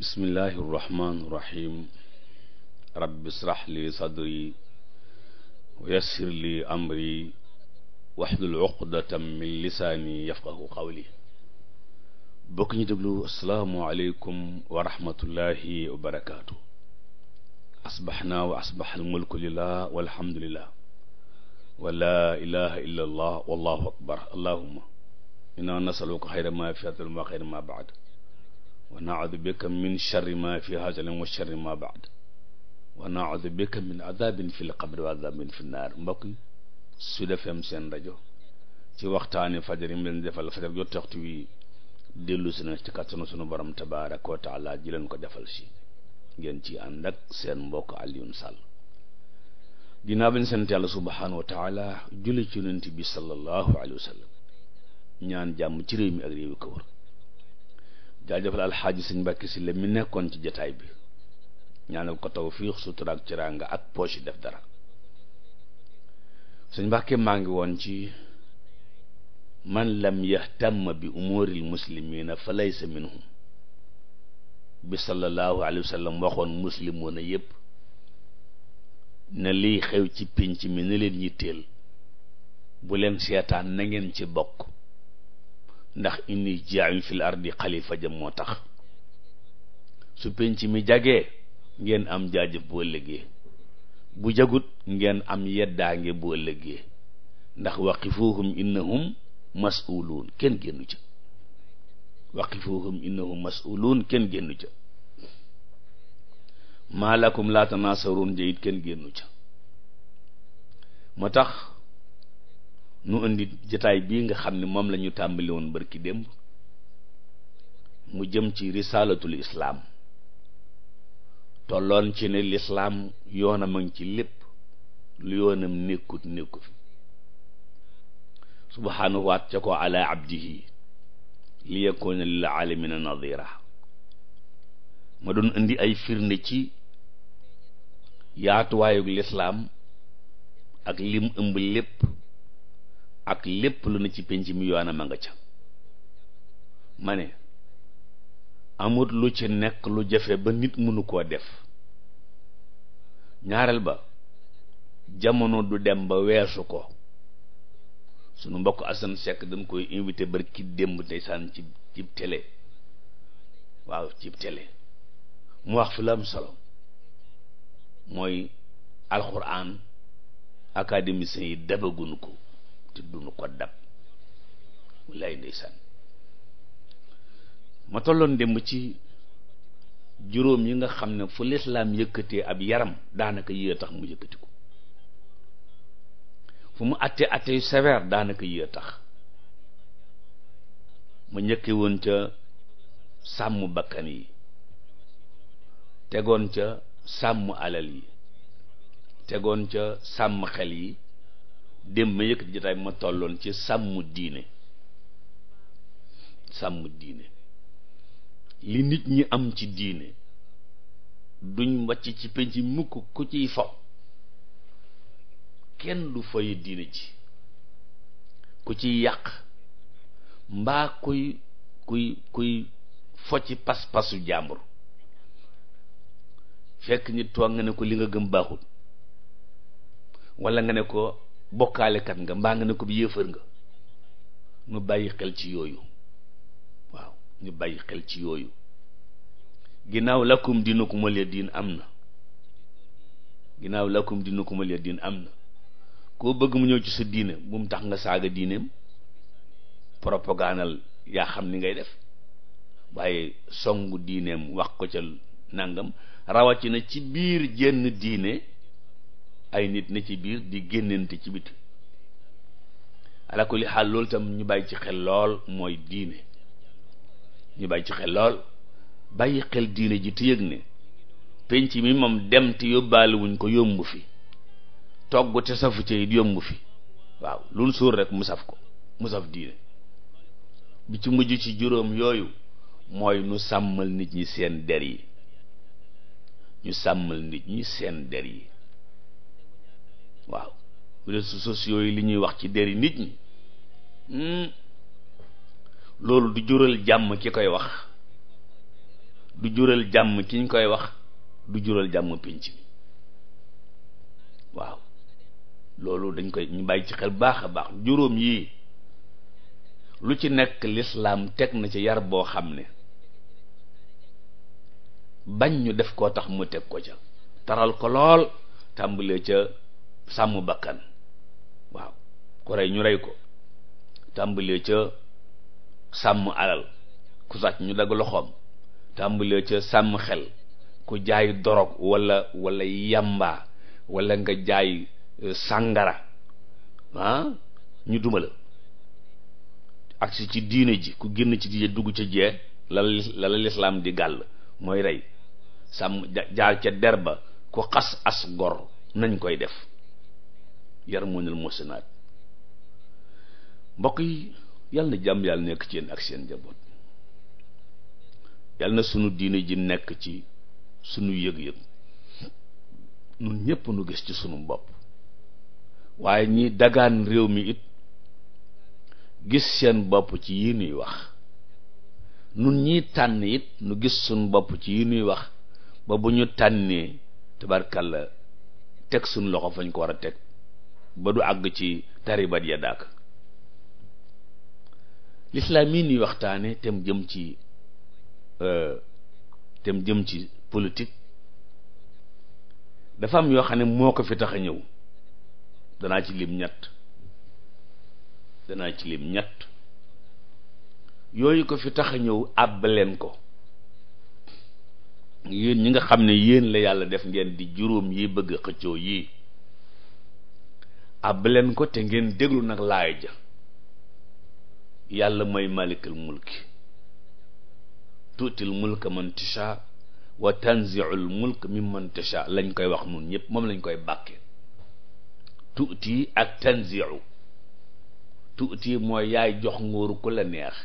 bismillahi irrahmani irrahim rabbi israh li sadri wa yassir li amri waxlul uqdatam min lisaani yafqahu qawli bokk ñu déglu asalaamualeykum wa rahmatullahi wa barakaatu asbaxnaa wa asbax almulku lillah walhamdulillah wa laa ilaha illa allah wallahu akbar allahuma inna nasaluka xayra ma fi atal ma xayra ma baad wa naudu bika min charri ma fi haaza wa charri ma baad wa naudu bika min adabin fi lqabri wa adabin fi naar mbokk Sud FM seen rajo ci waxtaani fajar yi mu leen defal fajar jot wi dellu si na ci kattanu sunu borom tabaaraka wa taala ji leen ko defal si ngeen ci ànd seen mbokk Alioune Sall ginnaaw bi ñu sant yàlla subhaanahu wa ci yonent bi sallallahu alayhi wa ñaan jàmm ci réew mi ak réew yi jaajëfal alxaaji suñ Mbàkke si la mi nekkoon ci jataay bi ñaanal ko tawfiix sutura ak ciranga ak poche yi def dara sëñ Mbàkke maa ngi woon ci man lam yahtam bi umuuril muslimiina fa laysa minhum bi sallallahu alayhi wa sallam waxoon muslimoona yépp ne liy xew ci pinc mi ne leen yi yitteel bu leen seetaan na ngeen ci bokk ndax inni jaayu fil ardi xalifa jam moo tax su penc mi jagee ngeen am jaajëf bu ëllëgee bu jagut ngeen am yeddaange bu ëllëgee ndax waqifuhum innahum mas'uluun kenn génnu ca waqifuhum innahum mas'uluun kenn génnu ca maalakum laa tanaasaruun jayit kenn génnu ca ma tax nu indi jataay bii nga xam ne moom lañu ñu tàmbali woon bërki démb mu jëm ci risaalatul islaam tolloon ci ne lislaam yoonam a ngi ci lépp lu yoonam nekkut nekku fi subhaanahu ca ko ala abdihi li yakuna lil alamina nadira ma doon indi ay firnde ci yaatuwaayug lislaam ak lim ëmb lépp ak lépp lu ne ci penc mi yoona nga ca ma ne amut lu ci nekk lu jafe ba nit mënu koo def ñaareel ba jamono du dem ba weesu ko sunu mbokk Assane Seck dañ koy invité bari ki démb tey sànn ci cib télé waaw cib télé mu wax fi la am solo mooy alxuraan académiciens yi dabaguñu ko te duñu ko ma tolloon démb ci juróom yi nga xam ne fu lislaam yëkkatee ab yaram daanaka yii a tax mu yëkkati ko fu mu àttee àttee yu sévère daanaka yii a tax ma njëkkee woon ca sàmm bakkan yi tegoon ca sàmm alal yi tegoon ca sàmm xel yi démb ma yëkkati jotaay bi ma tolloon ci sàmm diine sàmm diine li nit ñi am ci diine duñ wàcc ci penc mukk ku ciy fo kenn du foye diine ci ku ciy yàq mbaa kuy kuy kuy fo ci pas-pasu jàmbur fekk nit toog nga ne ko li nga gëm baaxul walla nga ne ko bokkaalekat nga mbaa nga ne ko bi yéefar nga ñu bàyyi xel ci yooyu waaw ñu bàyyi xel ci yooyu ginnaaw lakum dinukum waliya diin am na ginnaaw lakum dinukum waliya diin am na koo bëgg mu ñëw ci sa diine bu mu tax nga saaga diineem propagandal yaa xam ni ngay def waaye songu diineem wax ko ca nangam rawatina ci biir jenn diine ay nit na ci biir di génnante ci biti ala kulli xaal loolu tam ñu bàyyi ci xel lool mooy diine ñu bàyyi ci xel lool bàyyi xel diine ji te yëg ne penc mi moom dem te yóbbaale ko yomb fi togg te safu ca yomb fi waaw luñ suur rek mu saf ko mu saf diine bi ci mujj ci juróom yooyu mooy nu sàmmal nit ñi seen der yi ñu sàmmal nit ñi seen der yi waaw réseaux sociaux yi li ñuy wax ci deri nit ñi hmm. loolu du jural jàmm ki koy wax du jural jàmm ki ñu koy wax du jural jàmm pinc mi waaw loolu dañ koy ñu bàyyi ci xel baax a baax juróom yii lu ci nekk lislaam teg na ci yar boo xam ne bañ ñu def koo tax mu teg ko ca taral ko lool tàmbalee ca sàmm bakkan waaw ku rey ñu rey ko tàmbalee ca sàmm alal ku sàcc ñu dagg loxoom tàmbalee ca sàmm xel ku jaay dorog walla walla yamba walla nga jaay euh, sàngara ah, ñu duma la agsi ci diine ji ku génn ci diine dugg ca jee la la di gàll mooy rey sàmm jaar ca der ba ku xas as gor nañ koy def yar yarmunal musinaat mbokk yi yàlla na jàmm yàlla nekk ci yéen ak seen njaboot yàlla na sunu diine ji nekk ci sunu yëg-yëg nun ñépp nu gis ci sunu bopp waaye ñi dagaan réew mi it gis seen bopp ci yi nuy wax nun ñiy tànn it nu gis sunu bopp ci yi nuy wax ba bu ñu tànnee la teg sunu loxo fañ ko war a teg ba du àgg ci taribat ya daak lislaam yi nuy waxtaane tem jëm ci euh, tem jëm ci politique dafa am yoo xam ne moo ko fi tax a ñëw danaa ci lim ñett danaa ci lim ñett yooyu ko fi tax ñëw àbb leen ko yéen ñi nga xam ne yéen la yàlla def ngeen di juróom yi bëgg xëccoo yii ab leen ko te ngeen déglu nag laay ja yàlla mooy malikal mulki tuutil mulka man tashaa wa tanziul mulk mimman tashaa lañ koy wax nun ñëpp moom lañ koy bàkke tuuti ak tanziu tuuti mooy yaay jox nguuru ku la neex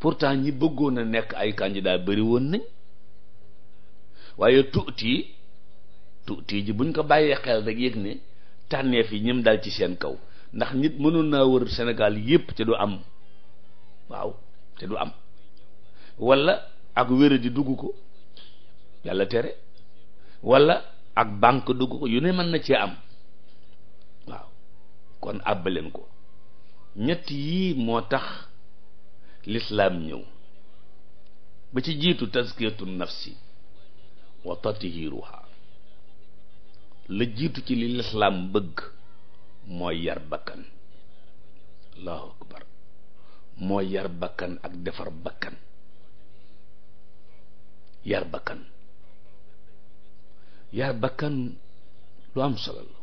pourtant ñi bëggoon a nekk ay daa bari woon nañ waaye tuuti tuuti ji buñ ko bàyyee xel rek yëg ne tànneef yi ñim dal ci seen kaw ndax nit mënoon naa wër senegal yépp te du am waaw te du am walla ak wéra di dugg ko yàlla tere wala ak banque dugg ko yu ne mën na cee am waaw kon àbbaleen ko ñetti yii moo tax lislaam ñëw ba ci jiitu tazkiyatun nafsi wa tathiruha la jiitu ci li lislaam bëgg mooy yar bakkan allahu akbar mooy yar bakkan ak defar bakkan yar bakkan yar bakkan lu am solo la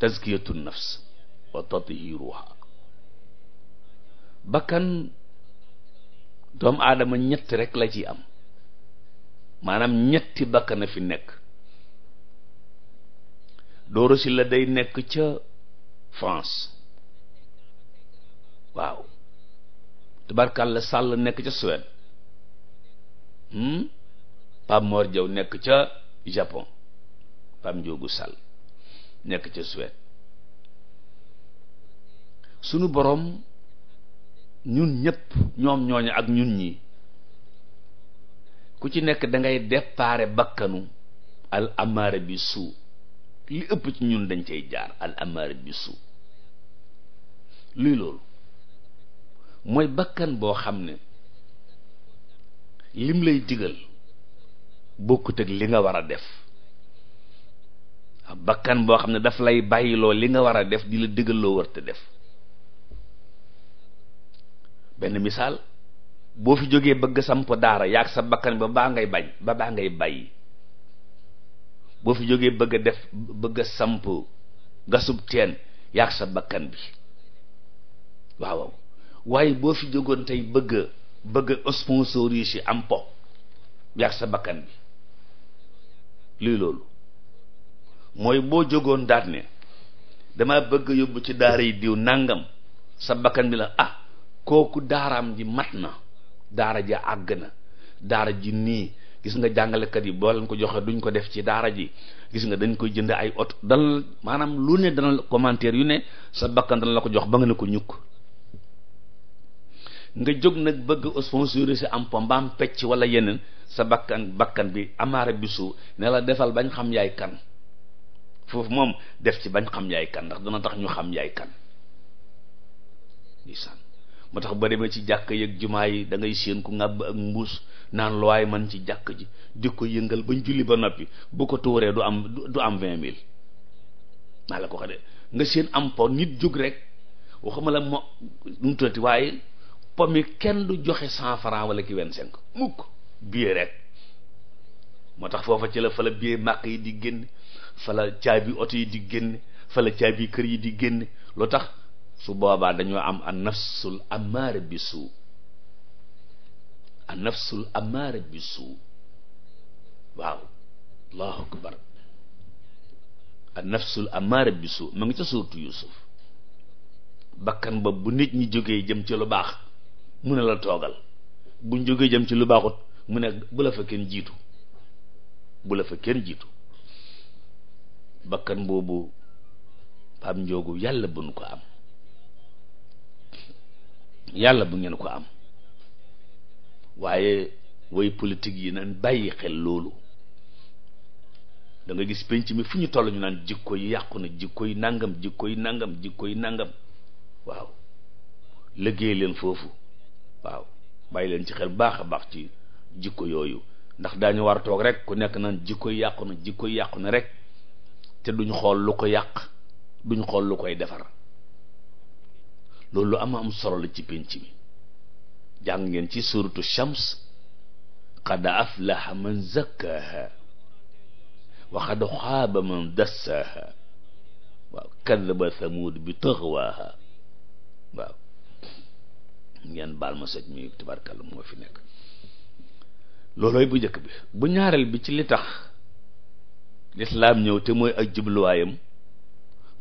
tazkiyatu nafs wa tathiruha bakkan doomu aadama ñett rekk la ci am maanaam ñetti bakkan a fi nekk Doro Sylla day nekk ca France waaw tubarkalla Sàll nekk ca Suède hmm? Pape Mor nekk ca Japon Pape Ndiogu Sàll nekk ca Suède sunu boroom ñun ñëpp ñoom ñooñu ak ñun ñi ku ci nekk dangay ngay déparé bakkanu al amaara bi suu li ëpp ci ñun dañ cay jaar al amaara bi suu luy loolu mooy bakkan boo xam ne lim lay digal bokkut ak li nga war a def bakkan boo xam ne daf lay bàyyiloo li nga war a def di la digal loo war te def benn misaal boo fi jógee bëgg samp daara yaag sa bakkan ba baa ngay bañ ba baa ngay bàyyi boo fi jógee bëgg a def bëgg a samp gasub teen yaag sa bakkan bi waaw waaye boo fi jógoon tey bëgg a bëgg a sponsorise am po yaag sa bakkan bi luy loolu mooy boo jógoon daat ne dama bëgg yóbbu ci daara yi diw nàngam sa bakkan bi la ah kooku daaraam ji mat na daara ja àgg na daara ji nii gis nga jàngalekat yi boo leen ko joxee duñ ko def ci daara ji gis nga dañ koy jënd ay oto dal maanaam lu ne dana commentaire yu ne sa bakkan dana la ko jox ba nga ne ko ñukk nga jóg nag bëgg sponsorisé am po mbaam pecc wala yeneen sa bakkan bakkan bi amaare bisu ne la defal bañ xam yaay kan foofu moom def ci bañ xam yaay kan ndax dana tax ñu xam yaay kan moo tax ba demee ci jàkk yeeg jumaa yi da ngay séen ku ngàbb ak mbuus naan luwaay man ci jàkk ji yëngal bañ julli ba noppi bu ko du am du am vingt mille maa la ko xade nga séen am po nit jóg rek waxuma la waaye po mi kenn du joxe cent wala ki vingt-cinq tax foofa ci la fa la yi di génn fa la caabi oto yi di génn fa la caabi kër yi di génn lu tax su boobaa dañoo am an nafsul amaara bi suu an nafsul amaara bi suu waaw allahu akbar an nafsul amaara bi suu ma ngi ca suurtu yusuf bakkan ba bu nit ñi jógee jëm ci lu baax mu ne la toogal buñ jógee jëm ci lu baaxut mu ne bu la fa kenn jiitu bu la fa kenn jiitu bakkan boobu pam njoogu yàlla bu nu ko am yàlla bu ngeen ko am waaye woy politique yi nan bàyyi xel loolu da gis penc mi fu ñu toll ñu naan jikko yi yàqu na jikko yi nangam jikko yi nangam jikko nangam waaw liggéey leen foofu waaw bàyyi leen ci xel baax baax ci jikko yooyu ndax daañu war toog rek ku nekk naan jikko yi yàqu na jikko yi yàqu na rek te duñ xool lu ko yàq duñ xool lu koy defar loolu lu am ci pénc mi ngeen ci suratu shams qad aflaha man zakkaha wa qad moo fi nekk loolooy bu jëkk bi bu ñaareel bi ci li tax lislaam ñëw te mooy ak jubluwaayam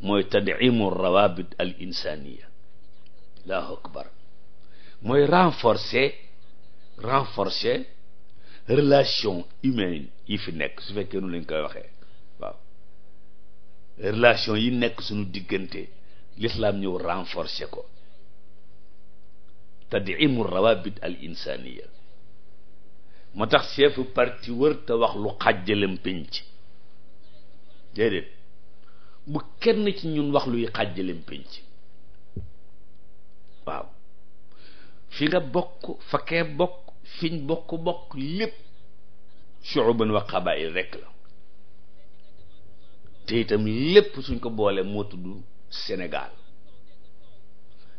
mooy tadimu rawabit al insaniya allahu akbar mooy renforcer renforcer relation humaine yi fi nekk su fekkee nu lañ koy waxee waaw relation yi nekk suñu diggante l'islam ñëw renforcer ko tadimu rawabit al insaniya moo tax chef parti wër te wax lu xàjjalam pénc déedéet bu kenn ci ñun wax luy xàjjalam pinc waaw fi nga bokk fakkee bokk fiñ bokk bokk lépp shu'uban wa qabaa'il rekk la te itam lépp suñ ko boole moo tudd Sénégal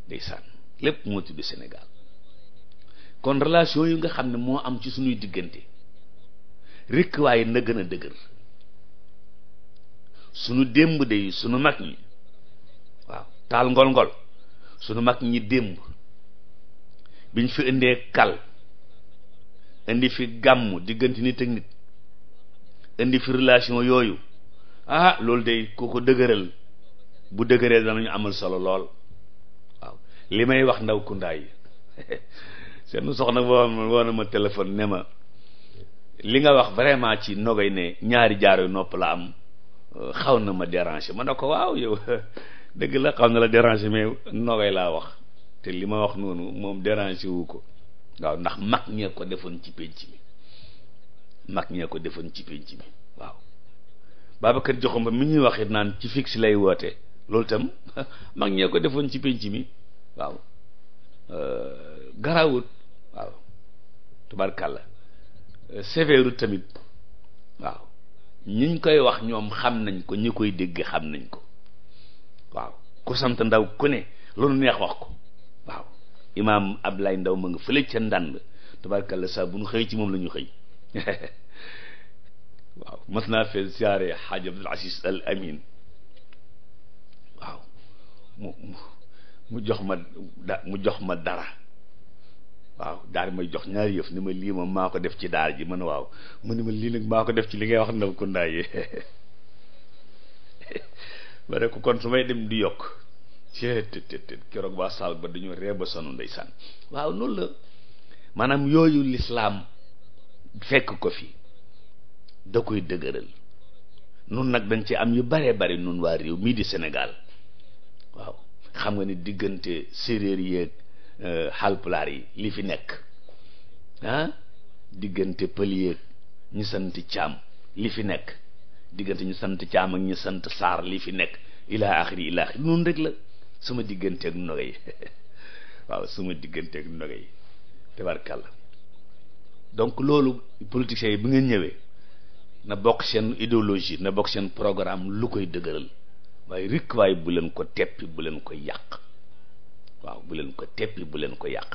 ndeysaan lépp moo tudd Sénégal kon relation yi nga xam ne moo am ci suñuy diggante rekk waaye na gën a dëgër suñu démb de yi suñu mag ñi waaw taal ngol ngol sunu mag ñi démb biñ fi indee kal indi fi gàmm diggante nit ak nit indi fi relation yooyu ah loolu de ku ko dëgëral bu dëgëree danañu amal solo lool waaw li may wax ndaw kundaay yi seen soxna boo woon ma téléphone ne ma li nga wax vraiment ci nogay ne ñaari jaar yu nopp la am xaw na ma déranger ma ne ko waaw yow dëgg la xam na la déranger mais nogay laa wax te li ma wax noonu moom déranger wu ko waaw ndax mag ñee ko defoon ci pénc mi mag ñee ko defoon ci pénc mi waaw Babacar Diakhoumpa mi ñuy wax it naan ci fixe lay woote loolu itam mag ñee ko defoon ci pénc mi waaw euh, garaawut waaw tubaarkàlla euh, sévère tamit waaw ñiñ koy wax ñoom xam nañ ko ñi koy dégg xam nañ ko waaw ku sant ndaw ku ne loolu neex wax ko waaw imaam Ablaye Ndaw ma nga fële ca ndànd tabarkalla saa bu nu xëy ci moom la ñu xëy waaw mas naa fee siyaare xaaj Abdul Aziz Al Amin waaw mu mu jox ma da mu jox ma dara waaw daal may jox ñaari yëf ni ma lii ma maa ko def ci daal ji man waaw mu ni ma lii nag maa ko def ci li ngay wax ndaw kundaay yi ma ne ko kon su may dem di yokk cee te te te keroog waa saal ba dañoo ree ba sonu ndeysaan waaw noonu la maanaam yooyu lislaam fekk ko fi da koy dëgëral nun nag dañ ci am yu bare bari nun waa réew mii di Sénégal waaw xam nga ni diggante séeréer yeeg euh, xalpulaar yi li fi nekk ah? diggante pël yeeg ñi sant caam li fi nekk diggante ñu sant caam ñu sant saar lii fi nekk ilaa axiri ilaa axiri noonu rek la suma diggante ak noge yi waaw suma diggante ak noge yi tabarkàlla donc loolu politiciens yi bi ngeen ñëwee na bokk seen idéologie na bokk seen programme lu koy dëgëral waaye rikk waaye bu leen ko teppi bu leen ko yàq waaw bu leen ko teppi bu leen ko yàq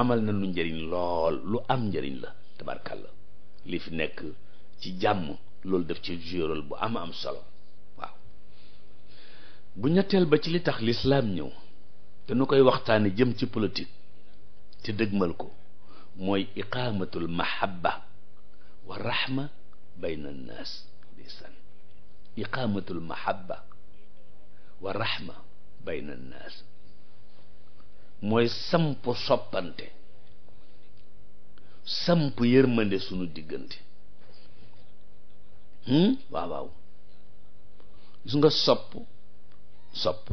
amal na lu njëriñ lool lu am njëriñ la tabarkàlla li fi nekk ci jàmm loolu def ci juróol bu am am solo bu ñetteel ba ci li tax lislaam ñëw te nu koy waxtaane jëm ci politique te dëgmal ko mooy iqaamatul mahabba wa rahma bayna annaas ndeysaan iqaamatul mahabba wa rahma bayna annaas mooy samp soppante samp yërmande sunu diggante waaw hmm? waaw gis nga sopp sopp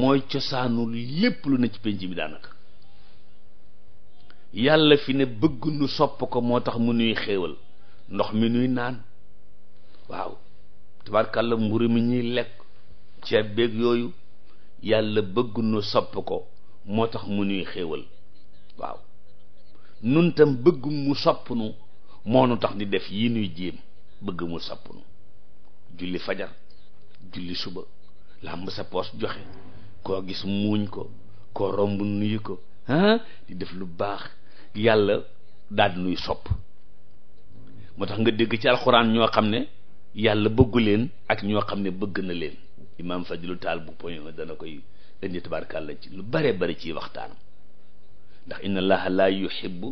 mooy cosaanul lépp lu ne ci penc bi daanaka yàlla fi ne bëgg nu sopp ko moo tax mu nuy xéewal ndox mi nuy naan waaw tabarkàlla mburu mi ñuy lekk ceeb beeg yooyu yàlla bëgg nu sopp ko moo tax mu nuy xewal waaw nun tam bëgg mu sopp moo nu tax di def yi nuy jéem bëgg mu sappunu julli fajar julli suba làmb sa poos joxe koo gis muuñ ko koo romb nuyu ko ah di def lu baax yàlla daal nuy sopp moo tax nga dégg ci alxuraan ñoo xam ne yàlla bëggu leen ak ñoo xam ne bëgg na leen imaam lu Taal bu poño dana koy indi tabaarkàlla ci lu bare bare ciy waxtaanam ndax inna allaha la yuhibbu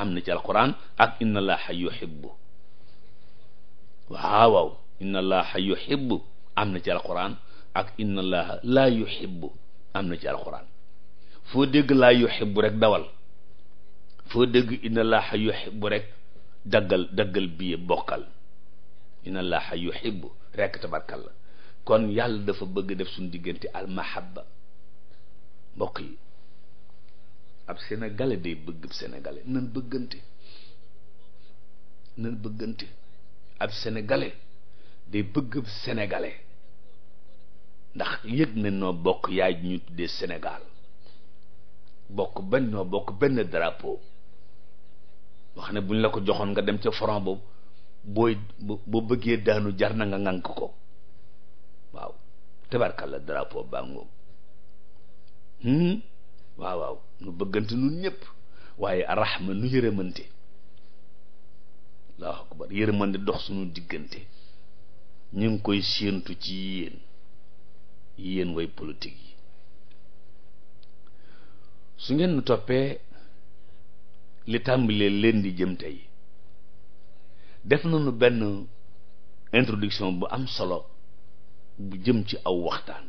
am na ci alxuraan ak inna allaha yuhibbu waaw waaw inna allaha yuhibbu am na ci alquran ak inna allaha laa yuhibbu am na ci alquran foo dégg laa yuhibbu rek dawal foo dégg inna allaha yuhibbu rek daggal daggal bii bokkal inna allaha yuhibbu rek tabarkal la kon yàlla dafa bëgg def suñu diggante al mahabba mbokk yi ab sénégalais day bëgg sénégalais nan bëggante nan bëggante ab sénégalais day bëgg ab sénégalais ndax yëg na noo bokk yaay ñu tuddee Sénégal bokk benn noo bokk benn drapeau wax ne bu ñu la ko joxoon nga dem ca front boobu booy boo bëggee daanu jar na nga ŋànk ko waaw tabarkalla drapeau baa ngoog hmm? waaw waaw nu bëggante nun ñëpp waaye arahma nu yërëmante allahu akbar yërmande dox suñu diggante ñu ngi koy séentu ci yéen yéen way politique yi su ngeen nu toppee li tàmbalee leen di jëm tey def nañu benn introduction bu am solo bu jëm ci aw waxtaan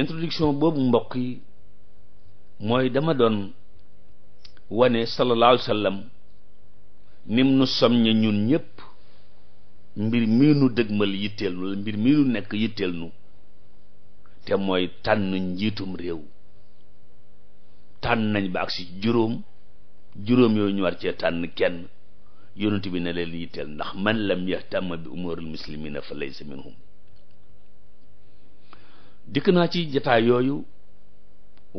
introduction boobu mbokk yi mooy dama doon wane sallallahu alayhi wa nim nu soññe ñun ñëpp mbir mii nu dëgmal yitteel nu mbir mii nu nekk yitteel nu te mooy tànn njiitum réew tànn nañ ba ak juróom juróom yooyu ñu war cee tànn kenn yonent bi ne leen yitteel ndax man lam yahtam bi umuril muslimina fa laysa minhum dikk naa ci jataay yooyu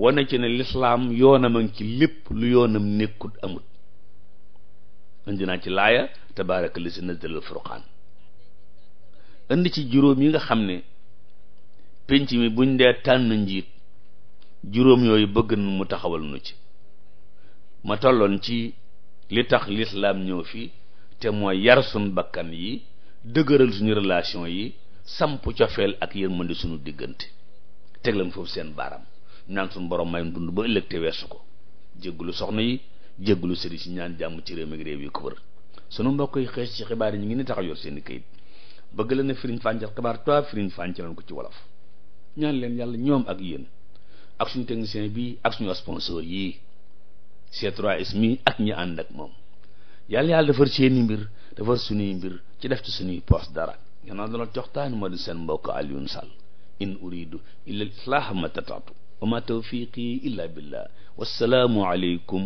wane ci ne lislaam yoonam a ci lépp lu yoonam nekkut amut indi naa ci laaya tabaaraka li na nazzalal furqaan indi ci juróom yi nga xam ne pénc mi buñ dee tànn njiit juróom yooyu bëgg na mu taxawal nu ci ma tolloon ci li tax lislaam ñëw fii te mooy yar suñ bakkan yi dëgëral suñu relation yi samp cofeel ak yërmande suñu diggante teg leen foofu seen baaram naan suñu borom mayum dund ba ëllëg te weesu ko jéggalu soxna yi jégglu sëriñ si ñaan jàmm ci réew mi réew yi ko wër sunu mbokk yi xees ci xibaar yi ñu ngi ne tax yor seen i kayit bëgg la na firiñ fàncal xibaar toi firiñ fàncalan ko ci wolof ñaan leen yàlla ñoom ak yéen ak suñu technicien bi ak suñu sponsor yii C3S mi ak ñi ànd ak moom yàlla yàlla defar seeni mbir defar suñuy mbir ci def ci suñuy poste dara a doona coxtaani ma di seen mbokk Alioune Sall in uridu illa l islaaha ma tataatu wa ma tawfiqi illa billah wassalaamu aleykum